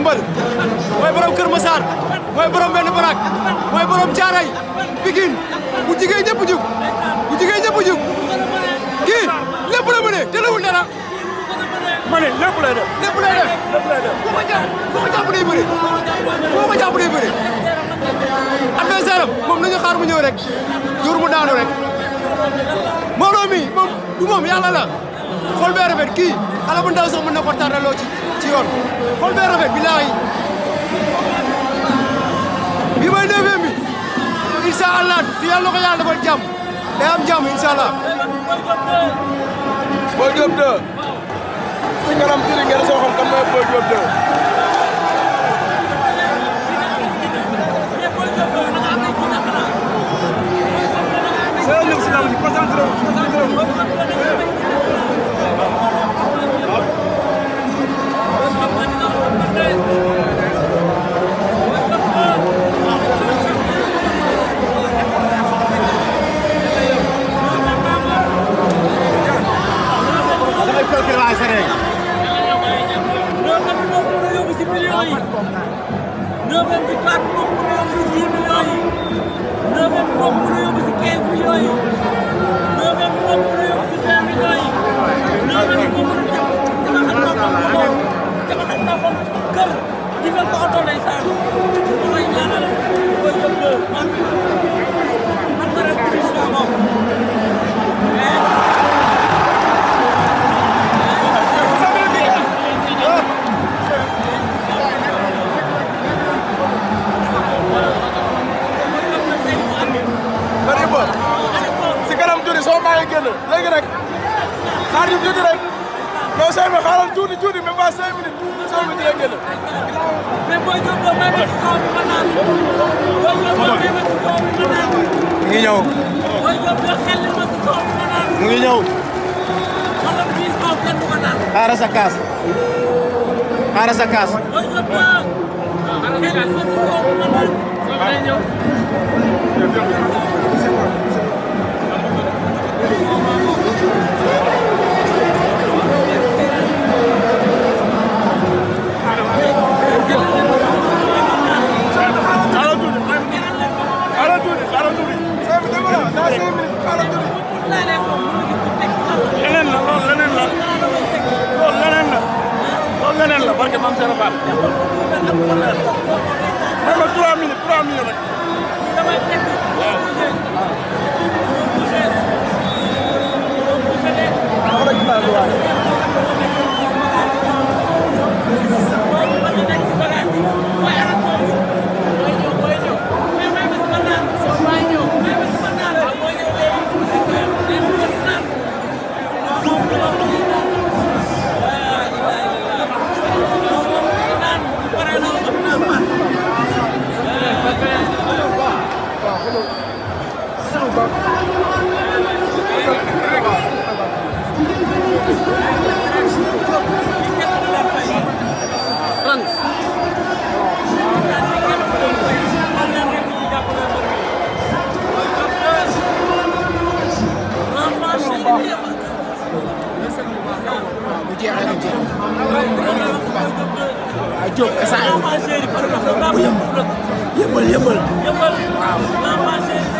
yëmbal mooy borom Kër Massar mooy borom benn barak mooy borom Caaray Pikine bu jigéen ñëpp jug bu jigéen ñëpp jug kii lépp la mënee tëlawul dara ma ne lépp lay def lépp lay def lépp lay def foo ko jàpp xaar mu ñëw rek jur daanu rek mbooloo mi moom du moom la xool bee rafet kii xale bu ndaw na ko tardaloo ci yoon xool bee rafet bilaay bi may neuvième bi incha allah te yàlla na ko yàlla defal am jàmm incha allah. Boy Diop 2. si kanam tuuti ngeen soo xam kan mooy Boy Diop 2. Sen leneen la barke maam Serap Fall. man ma 3 minutes 3 minutes rek. waaw. waaw yëmbal yëmbal. yëmbal waaw.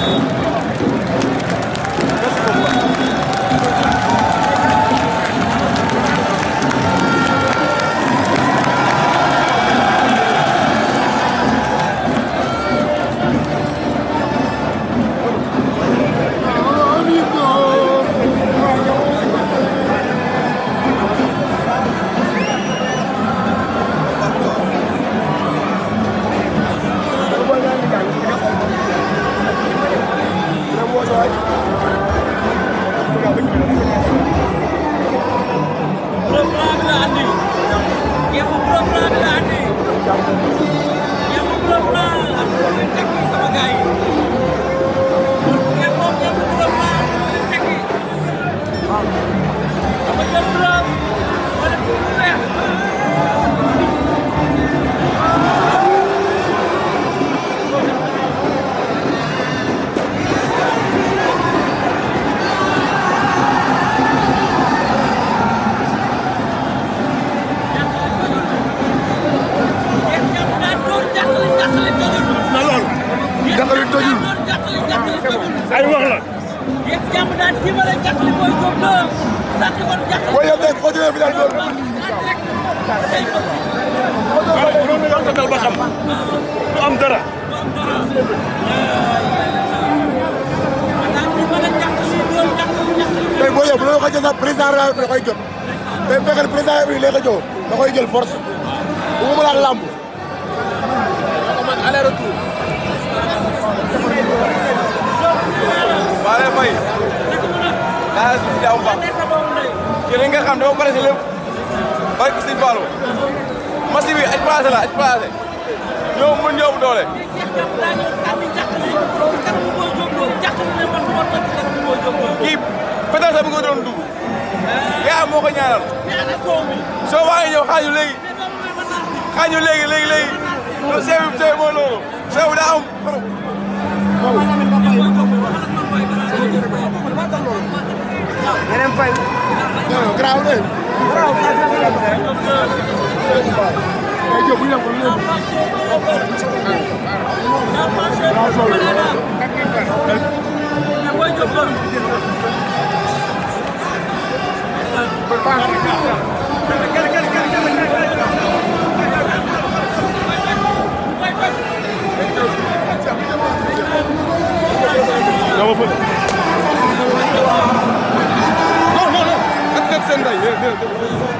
Thank you. ñoo mën ñoo doole. kii fetal sax mi nga doon dugg. yaa moo ko ñaanal. soo waa ngi ñëw xaaju léegi. xaaju léegi léegi léegi. loolu seewu seewu mooy loolu. seewu daa am. yeneen fay. non graaw de. graaw ẹjọ́ bóyá kò ní òbí. No, no, no. That's that Yeah, yeah, yeah.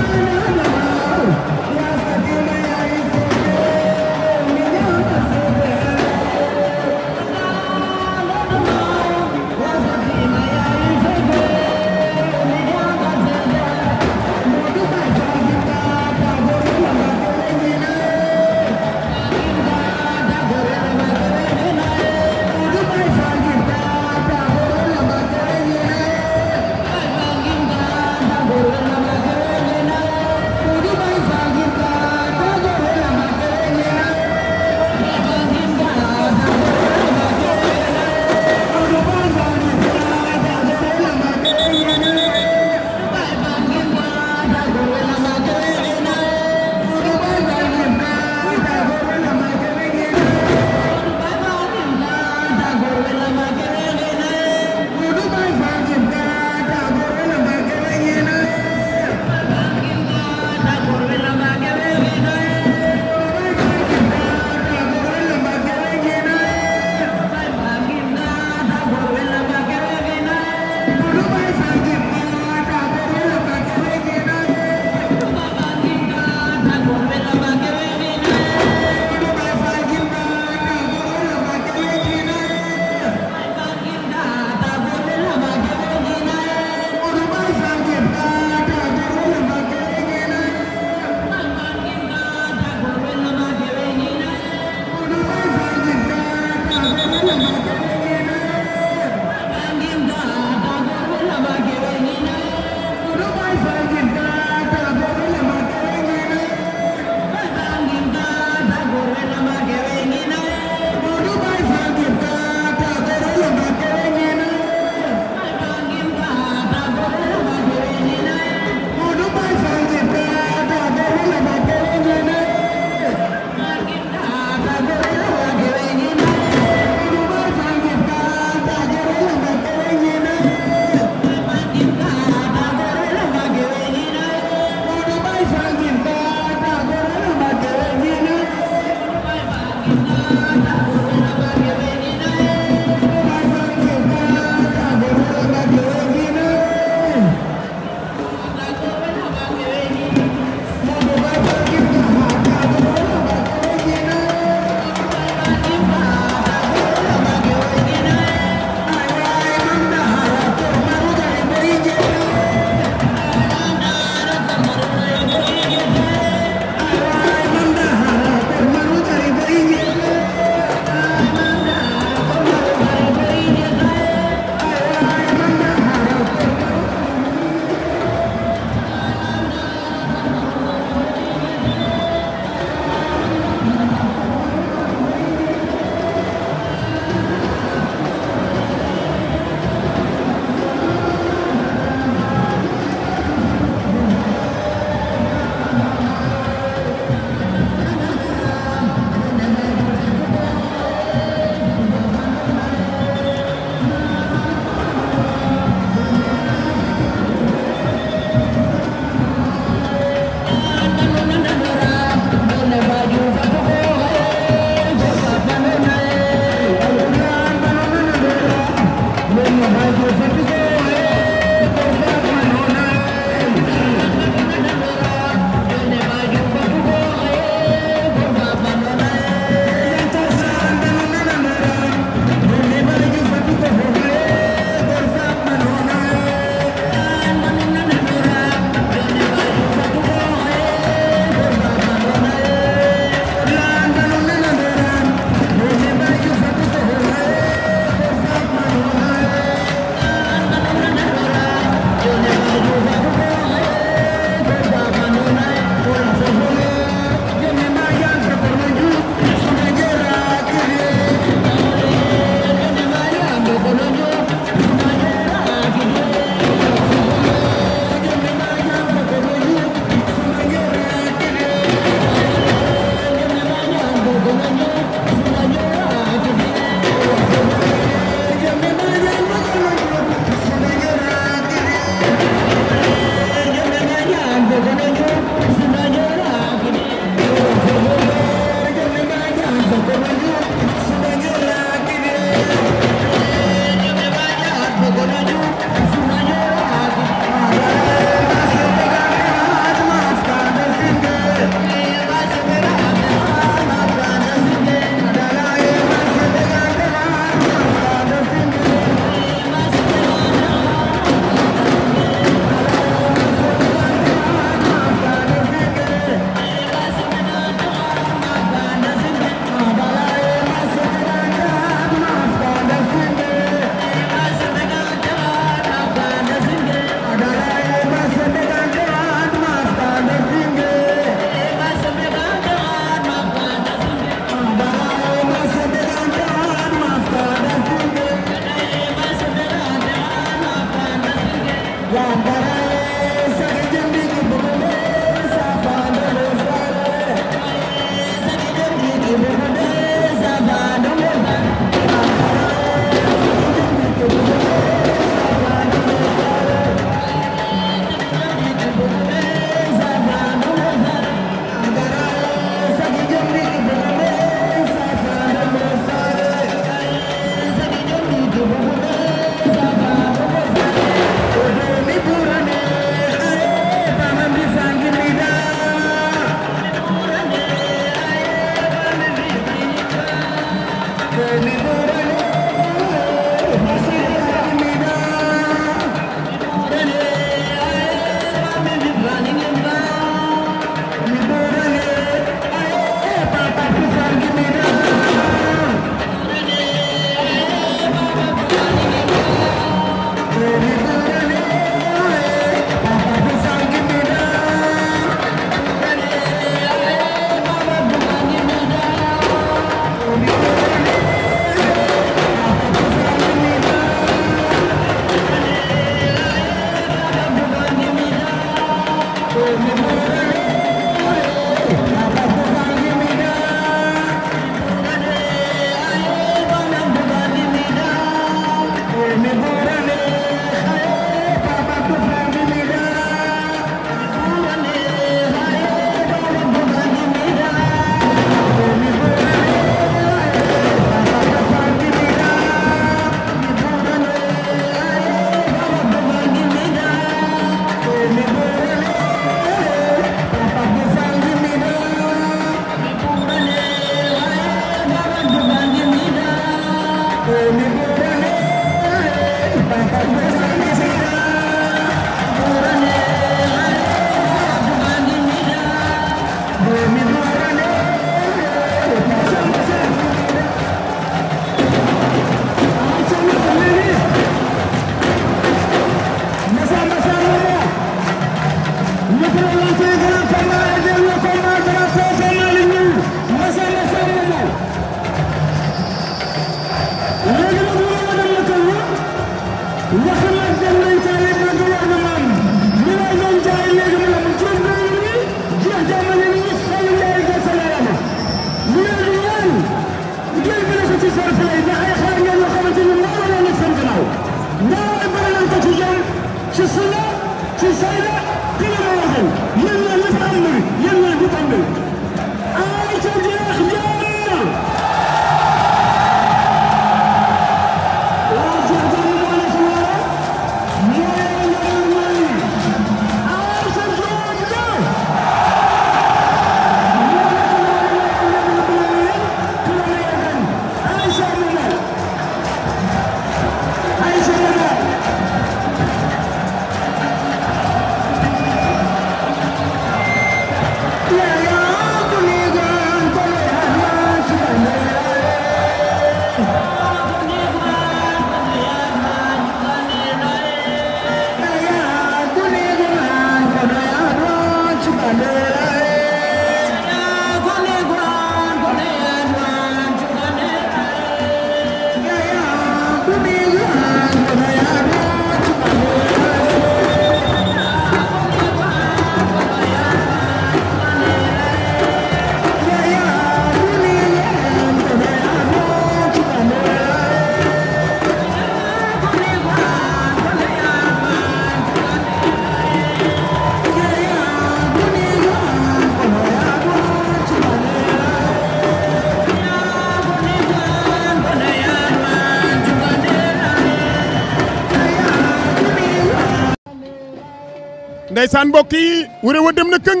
ndaysan mbokk yi wure wa dem na këng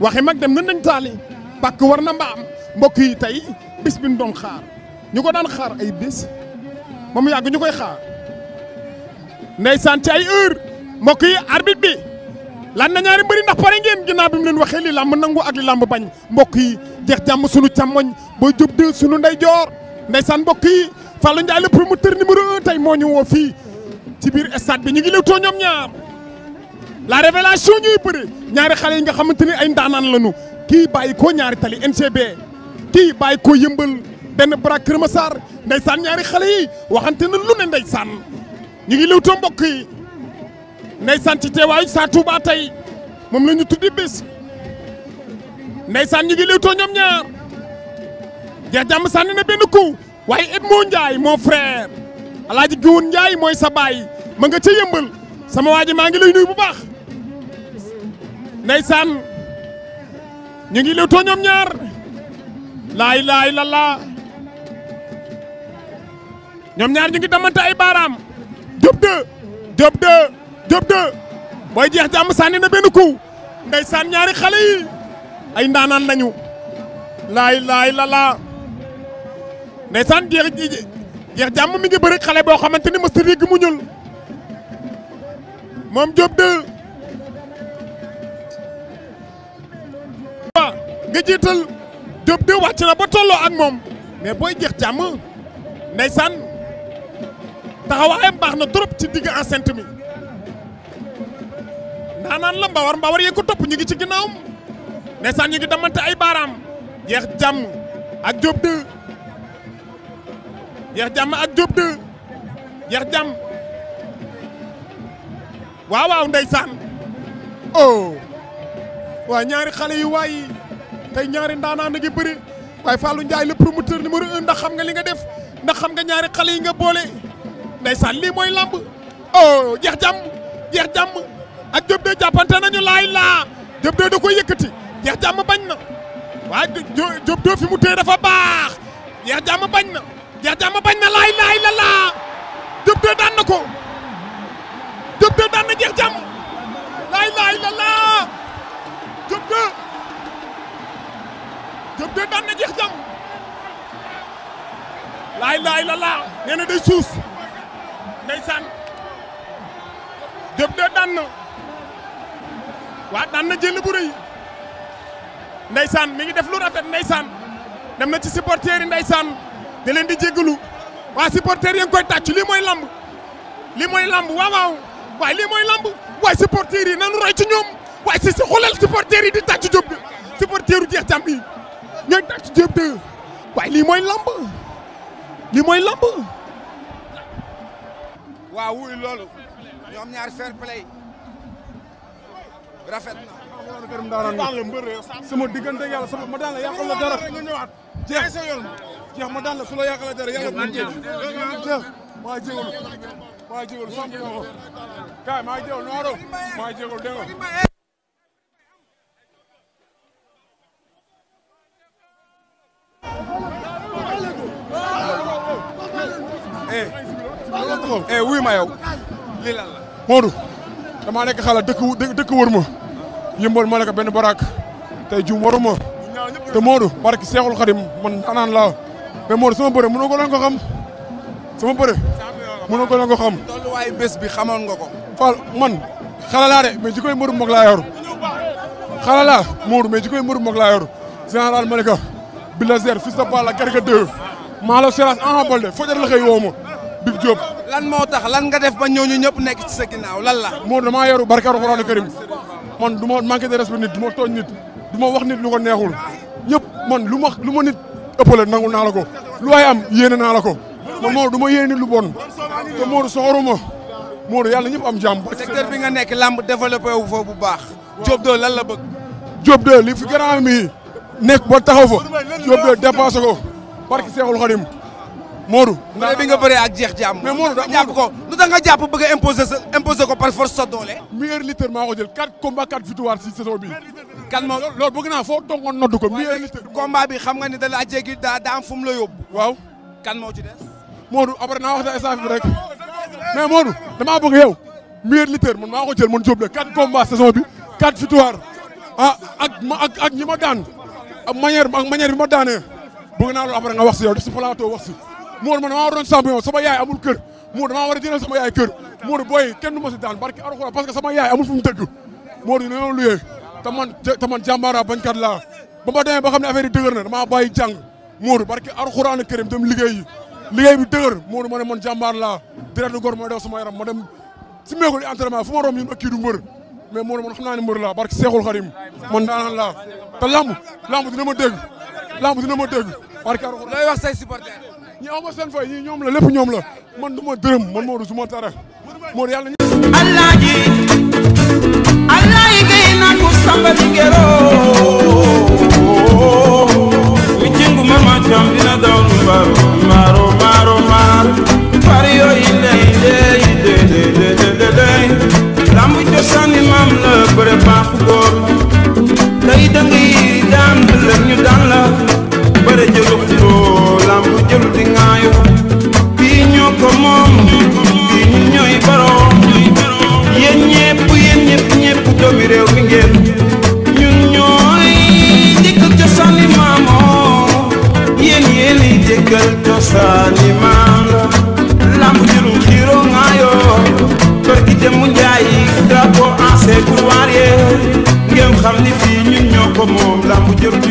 waxi mak dem na dañ taali bàkk war na mbam mbokk yi tay bis bin ñu xaar ñuko ko daan xaar ay bis mom yag ñukoy xaar ndaysan ci ay heure mbokk yi arbit bi lan na ñaari mbëri ndax pare ngeen ginaa bi mu leen waxe li lamb nangu ak li lamb bañ mbokk yi jeex jam suñu càmmoñ bo jop de suñu sunu jor ndaysan mbokk yi fallu Ndiaye le promoteur numéro un tey moo ñu woo fii ci bir stade bi ñu ngi lew to ñom ñaar la révélation ñuy bëri ñaari xale yi nga xamante ni ay ndaanaan lañu kii bàyyi ko ñaari tali NCB kii bàyyi ko yëmbal benn baraak Kër Masar ndeysaan ñaari xale yi waxante na lu ne ndeysaan ñu ngi Leewtoo mbokk yi ndeysaan ci teewaayu saa baa tey moom la ñu tuddi bés ndeysaan ñu ngi Leewtoo ñoom ñaar jeex jàmm sànni na benn coup waaye Edmond Ndiaye moo frère Alaaji Giwoon Ndiaye mooy sa baay ma nga ca yëmbal sama waa ji maa ngi lay nuyu bu baax ndeysaan ñu ngi lewtoo ñoom ñaar laa ilaaha illallah ñoom ñaar ñu ngi damante ay baaraam Diop 2 Diop 2 Diop 2 booy jeex jàmm sànni na benn coup ndeysaan ñaari xale yi ay ndaanaan lañu laa ilaaha illallah ndeysaan jeex jeex jàmm mi ngi bëri xale boo xamante ni mësta régg mu ñul moom Diop 2 nga jiital Diop de wacc na ba tolo ak mom mais boy jeex jam neysan taxaway am baxna trop ci digg enceinte mi nanan la mbawar mbawar yee ko topp ñu ngi ci ginaawum neysan ñi ngi damante ay baram jeex jam ak job de jeex jam ak job de jeex jam waaw waaw neysan oh wa ñaari xalé yu way tey ñaari ndaanaan a ngi bëri waaye Fallou Ndiaye le promoteur numéro un ndax xam nga li nga def ndax xam nga ñaari xale yi nga boole ndeysaan lii mooy lamb oh jeex jàmm jeex jàmm ak Diop de jàppante nañu laay laa Diop de da jeex jàmm bañ na waaye Diop de fi mu téye dafa baax jeex jàmm bañ na jeex jàmm bañ na laay laay la laa Diop Diop de daan na jeex jam laay laay la laa nee na day suuf ndeysaan Diop de daan na waa na jël bu rëy ndeysaan mi ngi def lu rafet ndeysaan dem na ci supporters yi ndeysaan da leen di jéggalu waa supporters yi ngi koy tàcc lii mooy lamb lii mooy lamb waaw waaw waaye lii mooy lamb waaye supporters yi nanu roy ci ñoom waaye si si xoolal supporters yi di tàcc Diop de supporteru jeex jam yi ñooy tàcc Diop 2 waaye lii mooy lamb lii mooy lamb. waaw wuy loolu ñoom ñaar fair play rafet na. gërëm daanaka daan la mbër ya. sama diggante yàlla sama ma daan la yàqal la dara nga ñëwaat. jeex sa yoon jeex ma la su la la dara jeex ko mais wuy ma lii lan la nekk xala dëkk dëkk wër ma. benn baraak. tey jum waru te Modou barki Seexul Xadim man anaan laa. mais Modou sama bëre mënoo ko xam. sama bëre. mënoo ko xam. tolluwaayu nga ko. Fall man xala laa de mais ji koy mbëru mag laa yor. xala laa Modou mais ji koy mbëru mag laa yor. général Malika. Bilazer fils de Balla Garga 2. Malo Seras Ama Baldé Bib Diop. lan moo tax lan nga def ba ñooñu ñëpp nekk ci sa ginnaaw lan la. moo damaa yaru barke Alxuraanu Karim man du ma manqué de nit du ma tooñ nit du wax nit lu ko neexul ñëpp man lu ma lu ma nit ëppale nangul naa la ko lu waay am yéene naa la ko man Modou du ma yéene nit lu bon te Modou soxoruma Modou yàlla ñëpp am jàmm. secteur bi nga nekk làmb développé wu foofu bu baax. Diop 2 lan la bëgg. Diop 2 li fi grand mi nekk ba taxaw fa Diop 2 dépassé ko barke Seexul Xadim Modou. mu ne bi nga ak jeex jàmm. mais Modou da jàpp ko lu tax nga jàpp bëgg a imposer sa imposer ko par force sa doole. meilleur loolu bëgg naa naa wax sa staff bi rek mais Modou damaa bëgg yow meilleur lutteur man maa ko jël man Diop la 4 combats bi 4 victoires ah, ak ma ak ak ñi ma daan ak manière ak manière bi ma daanee bëgg naa loolu après nga wax si yow def si plateau wax si. Modou man damaa war a doon champion sama yaay amul kër Modou damaa war a jëlal sama yaay kër Modou booy kenn du ma si daan barki Alxuraan parce que sama yaay amul fu mu dëgg Modou ñu doon luyee te man te man jàmbaara bañkat laa ba ma demee ba xam ne affaire yi dëgër na damaa bàyyi jàng Modou barki Alxuraan ak kërim dem liggéey yi liggéey bi dëgër Modou ma ne man jàmbaar laa direct góor mooy daw sama yaram ma du mbër mais Modou man xam naa ne mbër ma dégg lamb dina ma dégg ñi aw ma seen fay ñi ñoom la lépp ñoom la man du ma dërëm man Modou su ma dara Modou yàlla alaaji alaaji gay naan mu samba di ngero oh. mi jingu mama jam dina daw nu mbaro maro maro mar pari yo ile ile ide de de de de de lambu cosaan imam la bëre baax góor day dangi daan la ñu daan la bëre jëlu jëlu di ŋaayu bii ñoo ko moom bii ñun ñooy baroom yéen ñepp yéen ñepp ñepp doomi réew mi ngeen ñun ñooy jëkkal cosaani maamoo yéen yéen yi jëkkal cosaani maam lamb jëlu xiiroo ŋaayoo barki dem mu njaay drapeau en ses couloirs ngeen xam ni fii ñun ñoo ko moom lamb jëlu du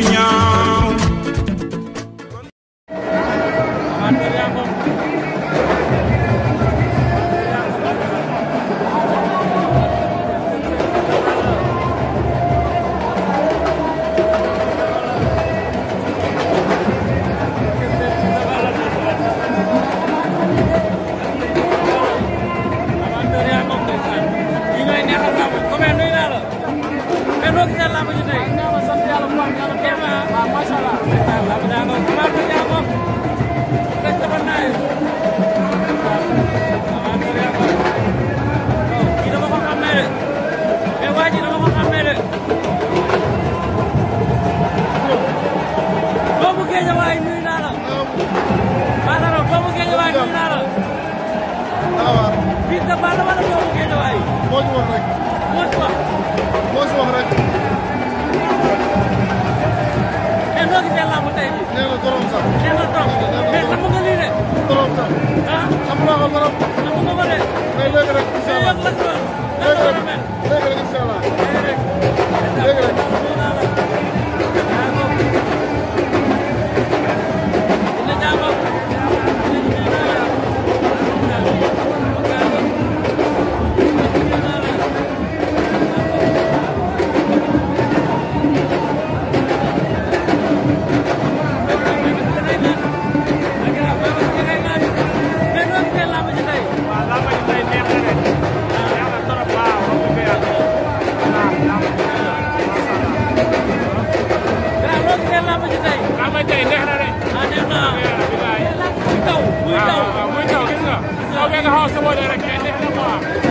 mais nuyu naa la mais noo gisee làmb ji tey. waaw sant yàlla bu baax yàlla tey ma waaw macha allah. macha allah bi daa doon maa ngi yaa moom fekk dafa naay. waaw kër yaa moom waaw kii dama ko xàmmee de mais waa ji dama ko xàmmee de. doomu géej waay nuyu naa la. maanaam doomu géej waay nuyu naa la. waaw waaw. fii de Balla wala doomu géej waay. moo ñu war rek. Look at it. 啊，没错，没错，那边的好多模特儿，肯定的嘛。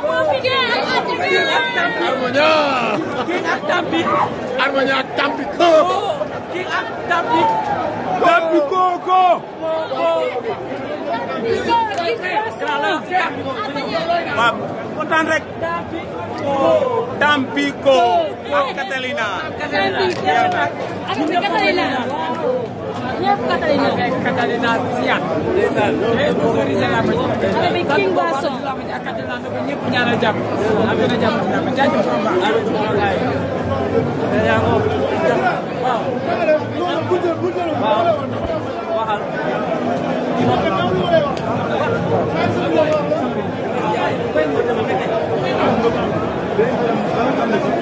Armonia. King ak Tampi. Catalina. Catalina. Kiev Katarina. Katarina Sia. Sori Zena ba ñëpp. xale bi King Basso. Katarina na ko ñëpp ñaanal jàmm. ak gën a jàmm dina ko jaajëf ko ba. Waaw. Waaw. Waxal. Thank you.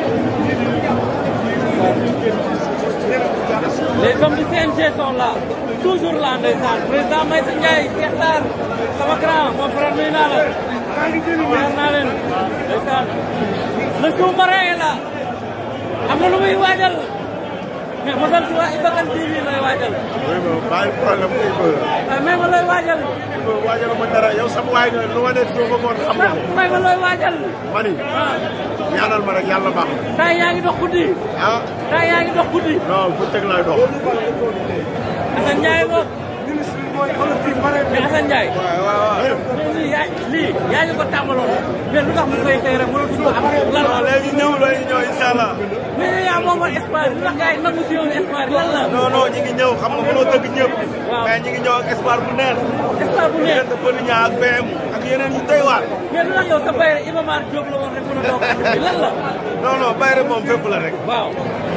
les hommes du CNG sont là toujours là ndeysaan président Maysa Ndiaye Cheikh Sarr sama grand mon frère nuyu naa la nuyu naa leen ndeysaan le sous-marin est là am lu muy waajal mais mosal si waa Iba Kane waajal. oui moom bàyyi problème mu Iba. waaw ah, may ma looy waajal. Iba waajal ma dara yow sama waay nga lu ma nekk soo ko xam nga ko. may ma waajal. ma ah. ñaanal ma rek yàlla baax na. temps dox guddi. ah temps yaa dox guddi. non bu teg dox. Assane Ndiaye boobu. mais Assane Ndiaye. waaw waaw lii yaa lii yaa ñu ko tàmbaloon mais lu tax mu koy xëy rek mënatuñ ko am. lan la léegi ñëw léegi ñëw incha allah. mais yaa moomoon espoir lu tax gars yi mag mu si yoon espoir lan la. non non ñi ngi ñëw xam nga mënoo tëgg ñëpp. waaw mais ñi ngi ñëw ak espoir bu neex. espoir bu neex ñu ak BM ak yeneen yu doy waar. mais lu tax yow sa bayre Iba Mar Diop la woon rek mën a toog lan la. non non bayre moom fépp la rek. waaw.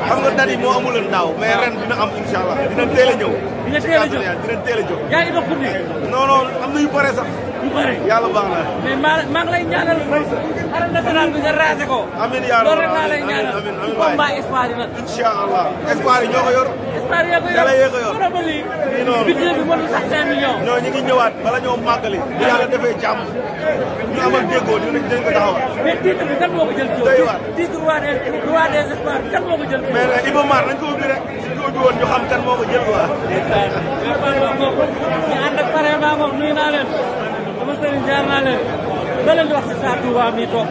xam nga dari moo amuloon daaw mais ren dina am incha allah dina teel a ñëw. dina teel a dina teel a jóg. am na yu bare sax. mu bëri yàlla baax na mais maa maa ngi lay ñaanal arène national bi nga raase ko amiin yaa loolu rek laa lay ñaanal ci combat espoir yi nag incha allah espoir yi ñoo ko yor espoir yi ko yor mën a ba lii budget bi mënul sax cinq millions ñoo ñu ngi ñëwaat bala ñoo màggali bu yàlla defee jàmm ñu amal déggoo ñu nañ dañ ko taxawal mais titre bi kan moo ko jël titre roi des roi des espoirs kan moo ko jël mais nag Iba Mar nañ ko ubbi rek si ko ubbi woon ñu xam kan moo ko naa leen sama sëriñ jaanaa leen da leen di wax si Sa Touba mi toog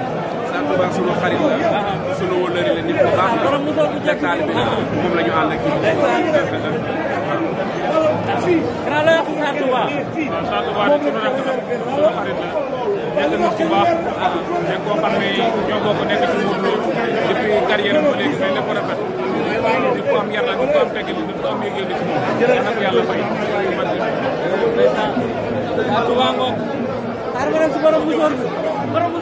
Sa Touba sunu xarit la sunu wëllëri la nit bu baax la jakkaar bi la moom la ñu ànd ak kanaa Sa di sunu rakk la sunu xarit la nekk nit bu baax nekk koo xam ne ñoo bokk nekk ci moom loolu depuis carrière ba léegi mais lépp ko xaar ma dem si borom musóor bi borom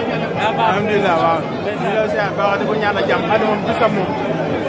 Alhamdulillah waaw ñu la si baax di ko ñaanal jàmm adama bu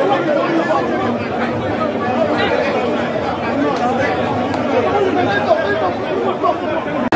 どういうふうに言うの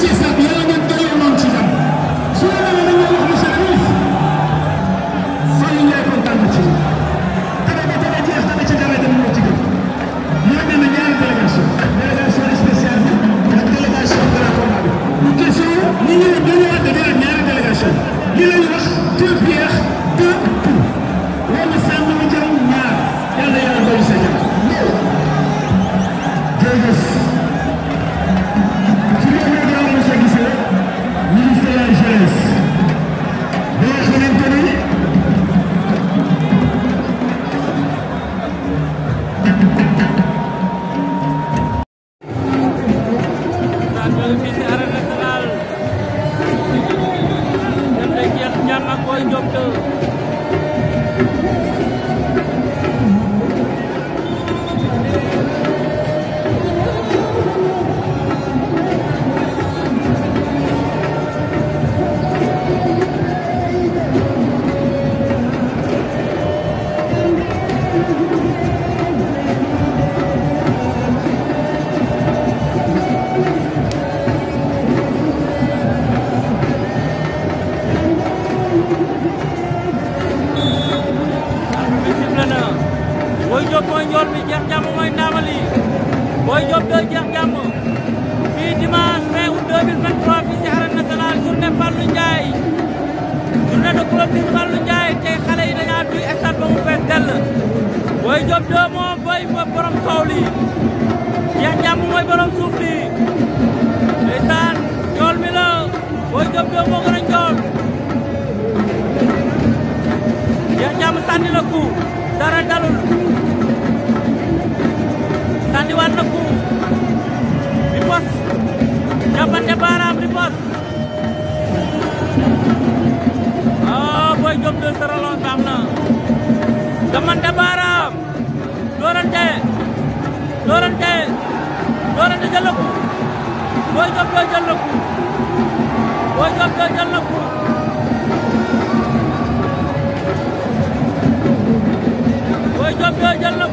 Just. at Boy Diofior jël na coup Boy Diofior jël na coup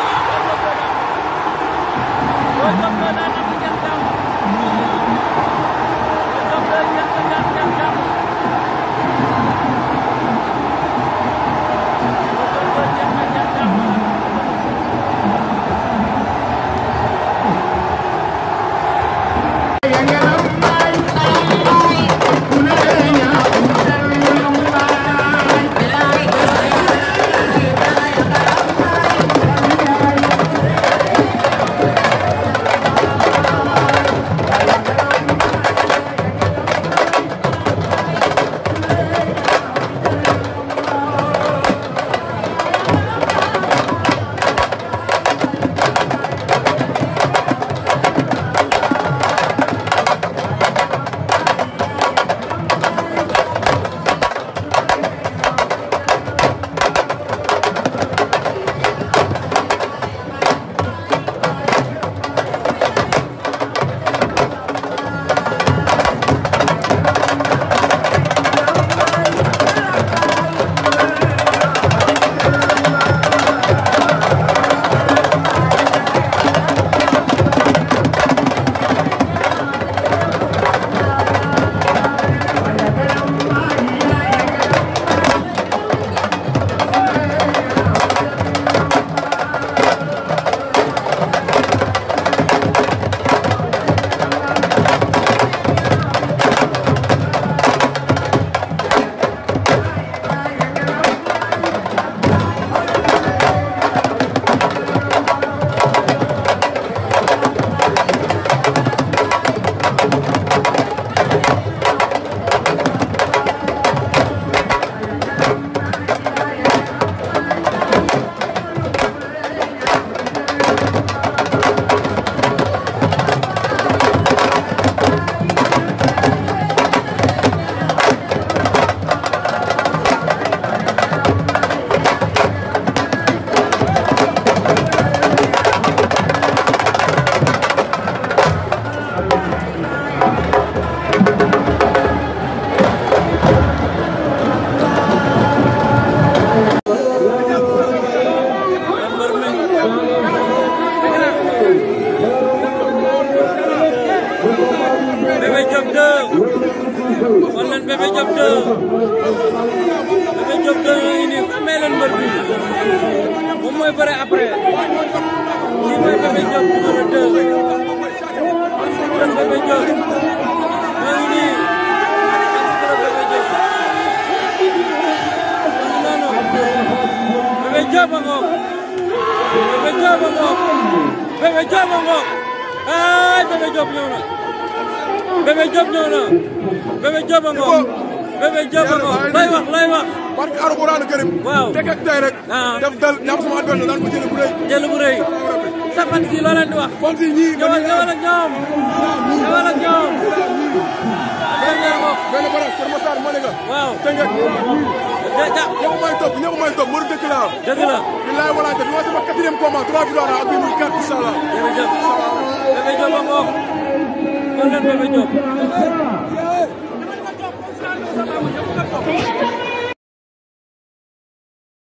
Cuối công lên